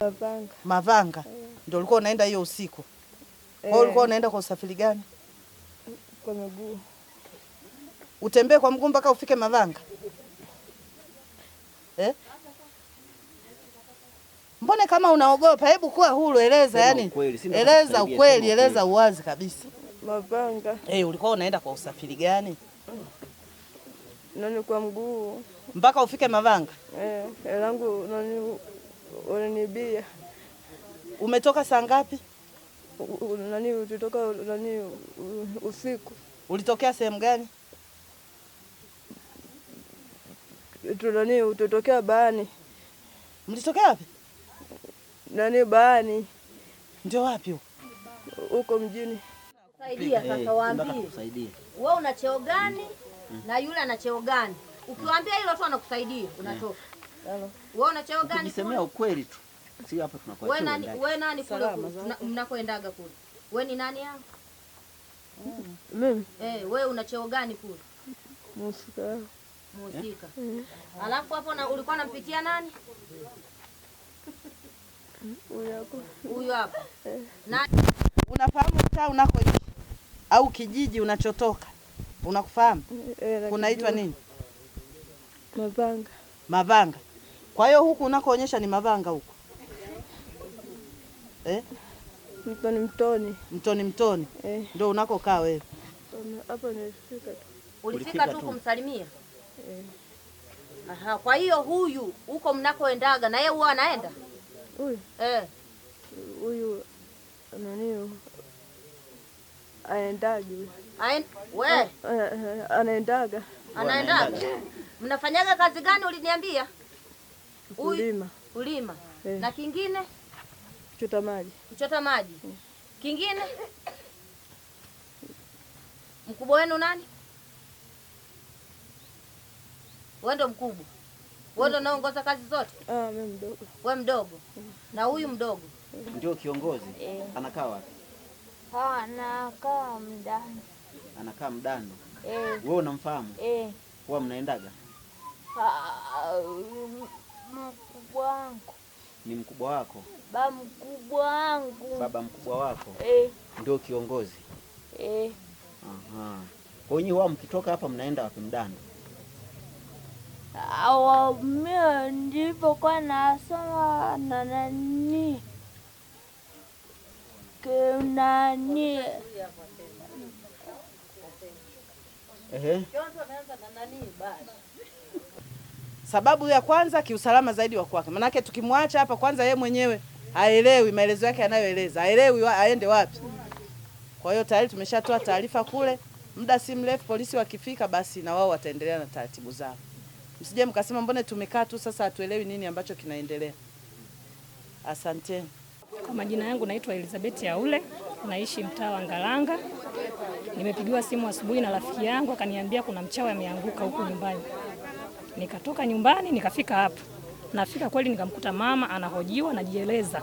Mavanga, Mavanga. Yeah. Ndio ulikuwa unaenda hiyo usiku yeah. Kwa ulikuwa eh. unaenda kwa usafiri gani? Kwa miguu. Utembee kwa mguu mpaka ufike Mavanga eh? Mbone kama unaogopa, hebu kuwa huru, eleza yani, eleza ukweli, eleza uwazi kabisa. Mavanga. Eh, ulikuwa unaenda kwa usafiri gani? Nani, kwa mguu mpaka ufike Mavanga? Eh, langu nani unanibia. Umetoka saa ngapi? Nani ulitoka nani usiku? Ulitokea sehemu gani? Nani utotokea Baani. Mlitokea wapi? Nani Baani. Ndio wapi huko mjini? Saidia sasa, eh, waambie wewe una cheo gani mm. na yule ana cheo gani? Ukiwaambia hilo tu anakusaidia unatoka. Wewe unachao gani? Nisemea ukweli tu. Si hapa tunakwenda. Wewe nani? Wewe nani kule? Mnakoendaga kule. Wewe ni nani hapo? Mm. Mimi. Eh, wewe unachao gani kule? Musika. Musika. Eh. Mm. Alafu hapo na ulikuwa unampitia nani? Huyo hapo. Eh. Nani? Unafahamu mtaa unakoishi au kijiji unachotoka? Unakufahamu? Eh, Kunaitwa nini? Mavanga. Mavanga. Kwa hiyo huku unakoonyesha ni Mavanga huku eh? Mtoni Mtoni. Mtoni Mtoni eh. Ndio unakokaa wewe? Hapo nilifika tu. Ulifika tu kumsalimia eh? Aha, kwa hiyo huyu huko mnakoendaga na yeye huwa anaenda huyu eh? Huyu nani aendagi Aen... we eh, eh, eh, anaendaga anaendaga Mnafanyaga kazi gani? Uliniambia ulima, ulima. Eh. na kingine kuchota maji, kuchota maji eh. Kingine mkubwa wenu nani? Wewe ndo mkubwa, wewe ndo unaongoza kazi zote? Ah, mimi mdogo. Wewe mdogo eh. na huyu mdogo ndio kiongozi eh. Anakaa wapi? Ha, anakaa mdani. Anakaa mdani eh. Wewe unamfahamu eh? Huwa mnaendaga mkubwa wangu. Ni mkubwa wako? Baba mkubwa wangu. Baba mkubwa wako eh? Ndio kiongozi eh. Aha. Kwa hiyo wao mkitoka hapa mnaenda wapi? Mdanda mimi kwa nasoma na nani nani basi? Sababu ya kwanza kiusalama zaidi wa kwake, manake tukimwacha hapa kwanza, yeye mwenyewe haelewi maelezo yake anayoeleza, haelewi wa, aende wapi. Kwa hiyo tayari tumeshatoa taarifa kule, muda si mrefu polisi wakifika, basi na wao wataendelea na taratibu zao. Msije mkasema mbona tumekaa tu sasa hatuelewi nini ambacho kinaendelea. Asante. Kwa majina yangu naitwa Elizabeth Yaule, naishi mtaa wa Ngalanga. Nimepigiwa simu asubuhi na rafiki yangu akaniambia kuna mchawi ameanguka huku nyumbani. Nikatoka nyumbani nikafika hapa, nafika kweli nikamkuta mama anahojiwa, najieleza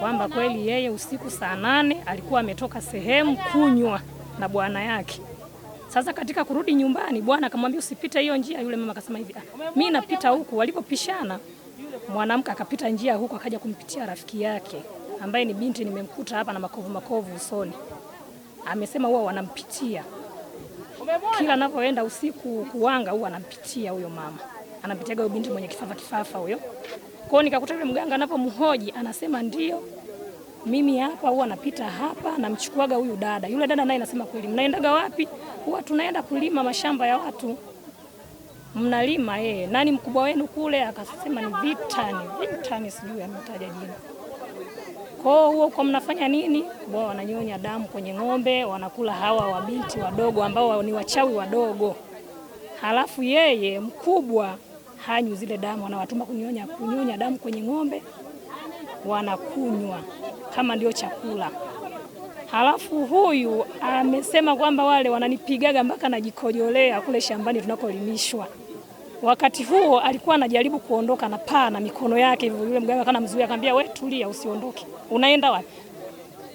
kwamba kweli yeye usiku saa nane alikuwa ametoka sehemu kunywa na bwana yake. Sasa katika kurudi nyumbani, bwana akamwambia usipite hiyo njia. Yule mama akasema hivi, ah, mi napita huku. Walipopishana, mwanamke akapita njia huku, akaja kumpitia rafiki yake ambaye ni binti, nimemkuta hapa na makovu makovu usoni. Amesema huwa wanampitia kila anapoenda usiku kuwanga huwa anampitia huyo mama, anampitia huyo binti mwenye kifafa kifafa huyo. Kwa hiyo nikakuta yule mganga anapomhoji anasema ndio mimi hapa huwa napita hapa, namchukuaga huyu dada. Yule dada naye anasema kweli, mnaendaga wapi? Huwa tunaenda kulima mashamba ya watu. Mnalima eh? Nani mkubwa wenu kule? Akasema ni Vitani, Vitani, sijui ametaja jina kwa huo kwa mnafanya nini? Bwana wananyonya damu kwenye ng'ombe, wanakula hawa wabinti wadogo ambao ni wachawi wadogo. Halafu yeye mkubwa hanyu zile damu, anawatuma kunyonya, kunyonya damu kwenye ng'ombe, wanakunywa kama ndio chakula. Halafu huyu amesema kwamba wale wananipigaga mpaka najikojolea kule shambani tunakolimishwa. Wakati huo alikuwa anajaribu kuondoka na paa na mikono yake hivyo, yule mganga kana mzuri akamwambia wewe, tulia, usiondoke. Unaenda wapi?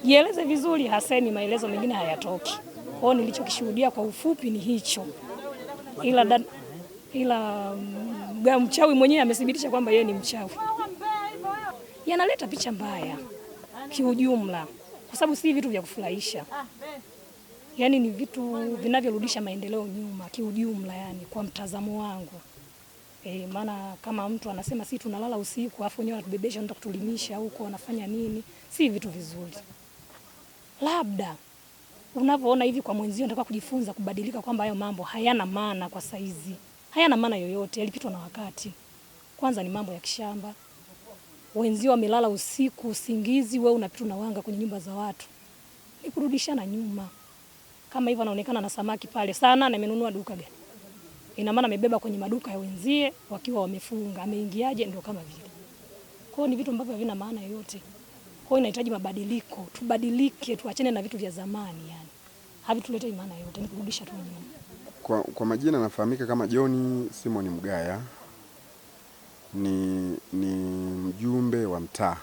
Jieleze vizuri. Hasemi, maelezo mengine hayatoki. Kwa hiyo nilichokishuhudia kwa ufupi ni hicho, ila dan, ila mm, mchawi mwenyewe amethibitisha kwamba yeye ni mchawi. Yanaleta picha mbaya kiujumla, kwa sababu si vitu vya kufurahisha, yaani ni vitu vinavyorudisha maendeleo nyuma kiujumla, yani kwa mtazamo wangu. E, maana kama mtu anasema si tunalala usiku afu wenyewe wanatubebesha ndio kutulimisha huko anafanya nini, si vitu vizuri. Labda unavyoona hivi kwa mwenzio, nataka kujifunza kubadilika, kwamba hayo mambo hayana maana kwa saizi, hayana maana yoyote, yalipitwa na wakati. Kwanza ni mambo ya kishamba, wenzio wamelala usiku usingizi, wewe unapita na wanga kwenye nyumba za watu, ni kurudishana nyuma. Kama hivyo anaonekana na samaki pale sana, na amenunua duka gani? ina maana amebeba kwenye maduka ya wenzie wakiwa wamefunga, ameingiaje? Ndio kama vile. Kwa hiyo ni vitu ambavyo havina maana yoyote. Kwa hiyo inahitaji mabadiliko, tubadilike, tuachane na vitu vya zamani, yani havituletei maana yoyote, ni kurudisha tu nyuma. Kwa, kwa majina nafahamika kama John Simon Mgaya ni, ni mjumbe wa mtaa,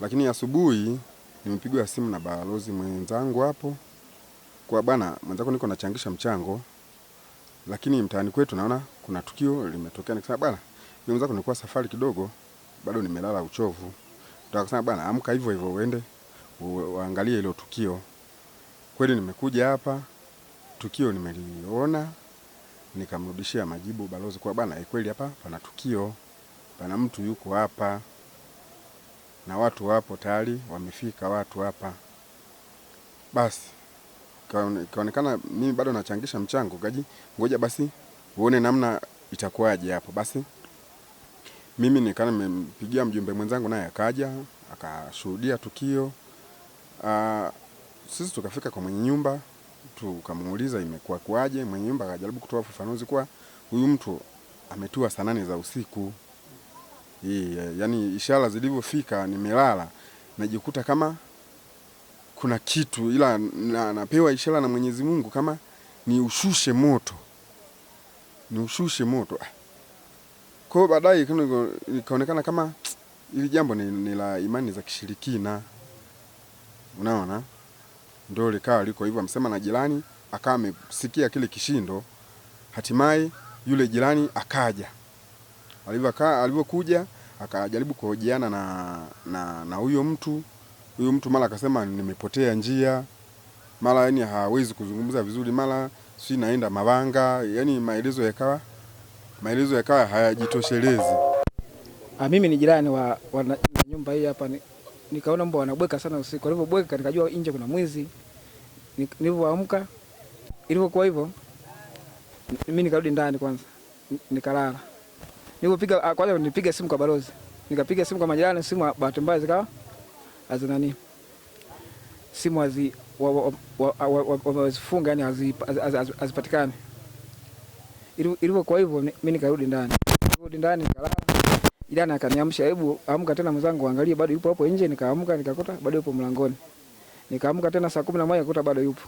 lakini asubuhi nimepigwa simu na balozi mwenzangu hapo kwa bana, mwenzako niko nachangisha mchango lakini mtaani kwetu naona kuna tukio limetokea, nikasema bwana, mimi mzako nilikuwa safari kidogo, bado nimelala uchovu, ndio akasema bwana, amka hivyo hivyo uende uangalie hilo tukio. Kweli nimekuja hapa, tukio nimeliona, nikamrudishia majibu balozi kwa bwana, eh, kweli hapa pana tukio, pana mtu yuko hapa na watu wapo tayari, wamefika watu hapa basi ikaonekana mimi bado nachangisha mchango, kaji ngoja basi uone namna itakuwaje hapo. Basi mimi nikana nimempigia mjumbe mwenzangu, naye akaja akashuhudia tukio. Aa, ah, sisi tukafika kwa mwenye nyumba tukamuuliza imekuwa kuaje. Mwenye nyumba akajaribu kutoa ufafanuzi kwa huyu mtu ametua saa nane za usiku hii, yani ishara zilivyofika nimelala najikuta kama kuna kitu, ila na, napewa ishara na Mwenyezi Mungu kama niushushe moto, niushushe moto. Ah. Kwa hiyo baadaye ikaonekana kama ili jambo ni, ni la imani za kishirikina, unaona, ndio likawa liko hivyo. Amsema na jirani akawa amesikia kile kishindo, hatimaye yule jirani akaja. Alivyokuja akajaribu kuhojiana na huyo na, na mtu huyu mtu mara akasema nimepotea njia, mara yani hawezi kuzungumza vizuri, mara si naenda Mavanga, yani maelezo yakawa maelezo yakawa hayajitoshelezi. Ah, mimi ni jirani wa, wa nyumba hii hapa ni, nikaona mbwa wanabweka sana usiku, walivyobweka nikajua nje kuna mwizi. Nilivyoamka ilivyokuwa hivyo, mimi nikarudi ndani kwanza nikalala. Nilipopiga ah, kwanza, nilipiga simu kwa balozi, nikapiga simu kwa majirani, simu bahati mbaya zikawa azi nani simu azi wamezifunga yani hazipatikani. Ilivyo kwa hivyo, mi nikarudi ndani, rudi ndani nikalala. Jana akaniamsha, hebu amka tena mwenzangu, angalie bado yupo hapo nje. Nikaamka nikakuta bado yupo mlangoni, nikaamka tena saa kumi na moja nikakuta bado yupo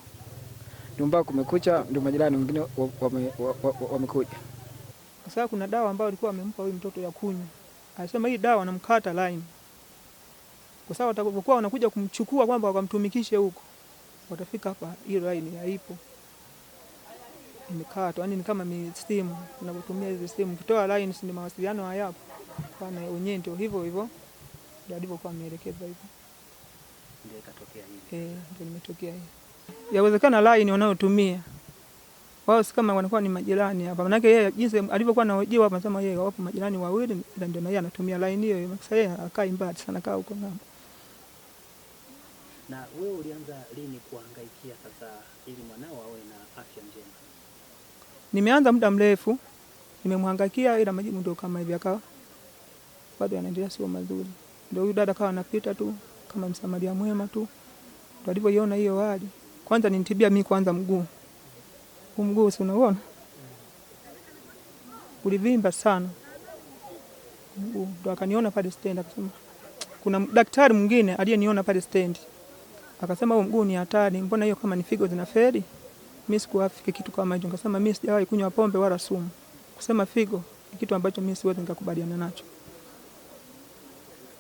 ndio kumekucha, ndio majirani wengine wamekuja. Sasa kuna dawa ambayo alikuwa amempa huyu mtoto ya kunywa, anasema hii dawa namkata laini kwa sababu watakapokuwa wanakuja kumchukua kwamba wakamtumikishe huko, watafika hapa, hiyo line haipo, imekata. Yani ni kama simu unavyotumia hizo simu, kitoa line, si mawasiliano hayapo. Pana wenyewe ndio hivyo hivyo, ndio alivyokuwa ameelekeza hivyo, ndio ikatokea hivi, eh, ndio imetokea hivi. Yawezekana line wanayotumia wao si kama wanakuwa ni majirani hapa, manake yeye jinsi alivyokuwa anahojiwa hapa, nasema yeye wapo majirani wawili, ndio na yeye anatumia line hiyo. Sasa yeye akai mbali sana, kaa huko ngambo na wewe ulianza lini kuhangaikia sasa ili mwanao awe na afya njema? Nimeanza muda mrefu, nimemhangaikia ila majibu ndio kama hivi, akawa bado yanaendelea sio mazuri. Ndio huyu dada kawa anapita tu kama msamaria mwema tu, ndio alivyoiona hiyo hali. Kwanza nitibia mi kwanza mguu huu, mguu si unaona ulivimba sana mguu, ndo akaniona pale stendi, akasema kuna daktari mwingine aliyeniona pale stendi Akasema huu mguu ni hatari, mbona hiyo kama ni figo zinaferi? Mimi sikuafiki kitu kama hicho. Nikasema mimi sijawahi kunywa pombe wala sumu. Kusema figo ni kitu ambacho mimi siwezi nikakubaliana nacho.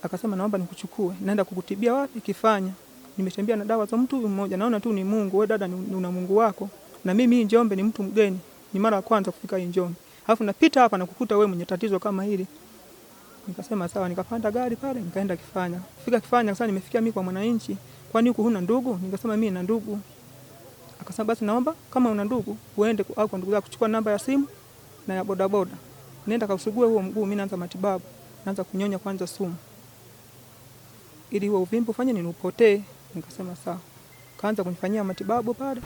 Akasema naomba nikuchukue, naenda kukutibia wapi? Kifanya. Nimetembea na dawa za mtu mmoja, naona tu ni Mungu. Wewe dada, una Mungu wako, na mimi hii Njombe ni mtu mgeni, ni mara ya kwanza kufika hii Njombe, alafu napita hapa nakukuta wewe mwenye tatizo kama hili. Nikasema sawa, nikapanda gari pale nikaenda Kifanya. Fika Kifanya sasa, nimefikia mimi kwa mwananchi kwani huku huna ndugu? Nikasema mimi na ndugu. Akasema basi naomba kama una ndugu uende au kwa ndugu zako kuchukua namba ya simu na ya bodaboda, nenda kausugue huo mguu, mimi naanza matibabu, naanza kunyonya kwanza sumu ili huo uvimbe ufanye nini upotee. Nikasema sawa. Kaanza kunifanyia matibabu pale,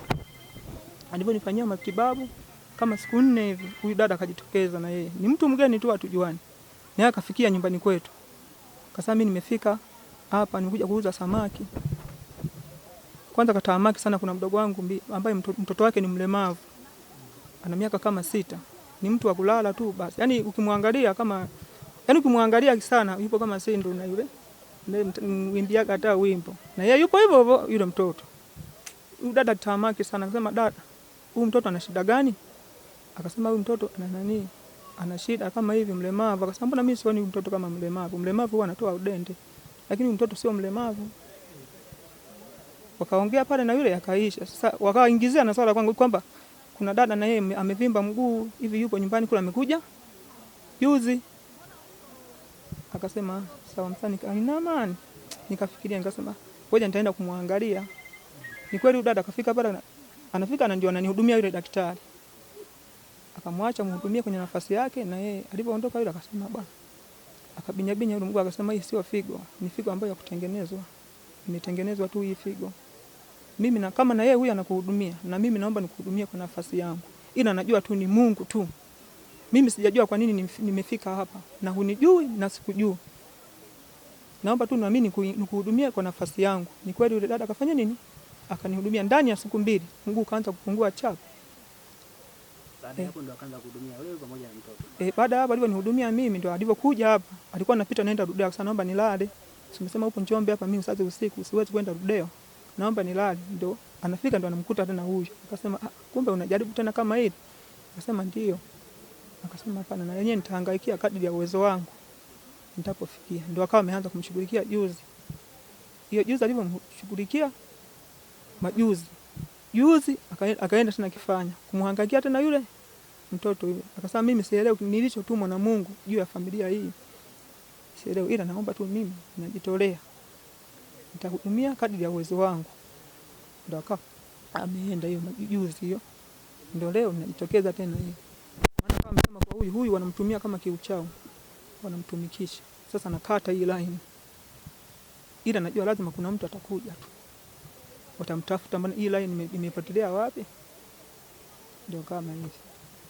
alivyonifanyia matibabu kama siku nne hivi, huyu dada akajitokeza, na yeye ni mtu mgeni tu, hatujuani, naye akafikia nyumbani kwetu. Akasema mimi nimefika hapa nimekuja kuuza samaki. Kwanza katamaki sana. Kuna mdogo wangu ambaye mtoto wake ni mlemavu, ana miaka kama sita, ni mtu wa kulala tu basi. Yani ukimwangalia kama yani ukimwangalia sana, yupo kama sindu na yule mwimbiaga hata wimbo na yeye yupo hivyo hivyo. Yule mtoto dada tamaki sana, akasema dada, huyu mtoto ana shida gani? Akasema huyu mtoto ana nani, ana shida kama hivi, mlemavu. Akasema mbona mimi sioni mtoto kama mlemavu? Mlemavu huwa anatoa udende, lakini mtoto sio mlemavu wakaongea pale na yule akaisha. Sasa wakaingizia na swala kwangu kwamba kuna dada na yeye amevimba mguu hivi, yupo nyumbani kule, amekuja juzi. Akasema sawa, msani kainamani. Nikafikiria nikasema ngoja nitaenda kumwangalia. Ni kweli dada kafika pale, anafika na ndio ananihudumia yule daktari, akamwacha mhudumie kwenye nafasi yake, na yeye alipoondoka yule akasema bwana, akabinyabinya yule mguu, akasema hii sio figo, ni figo ambayo ya kutengenezwa, imetengenezwa tu hii figo mimi na kama na yeye huyu anakuhudumia, na mimi naomba nikuhudumie kwa nafasi yangu, ila najua tu ni Mungu tu. Mimi sijajua kwa nini nimefika hapa, na hunijui na sikujui. Naomba tu nami nikuhudumie kwa nafasi yangu. Ni kweli yule dada akafanya nini? Akanihudumia ndani ya siku mbili, Mungu kaanza kupungua chapa. Baada ya hapo Eh, baada ya hapo alivyonihudumia mimi ndo alivyokuja hapa. Alikuwa anapita naenda Rudeo, akasema naomba nilale. Simesema huko Njombe hapa mimi sasa usiku siwezi kwenda Rudeo naomba nilale, ndo anafika ndo anamkuta tena huyo. Akasema ah, kumbe unajaribu tena kama hili? Akasema ndio. Akasema hapana, na yenyewe nitahangaikia kadri ya uwezo wangu nitapofikia. Ndo akawa ameanza kumshughulikia juzi, hiyo juzi alivyomshughulikia majuzi juzi akaenda tena kifanya kumhangaikia tena yule mtoto yule. Akasema mimi sielewi nilichotumwa na Mungu juu ya familia hii, sielewi, ila naomba tu mimi najitolea nitahudumia kadri ya uwezo wangu. Ndo aka ameenda hiyo majuzi hiyo, ndio leo najitokeza tena hiyo, maana kama msema kwa huyu huyu wanamtumia kama kiuchao, wanamtumikisha. Sasa nakata hii line, ila najua lazima kuna mtu atakuja tu, watamtafuta. Maana hii line imepotelea wapi? Ndio kama hivi.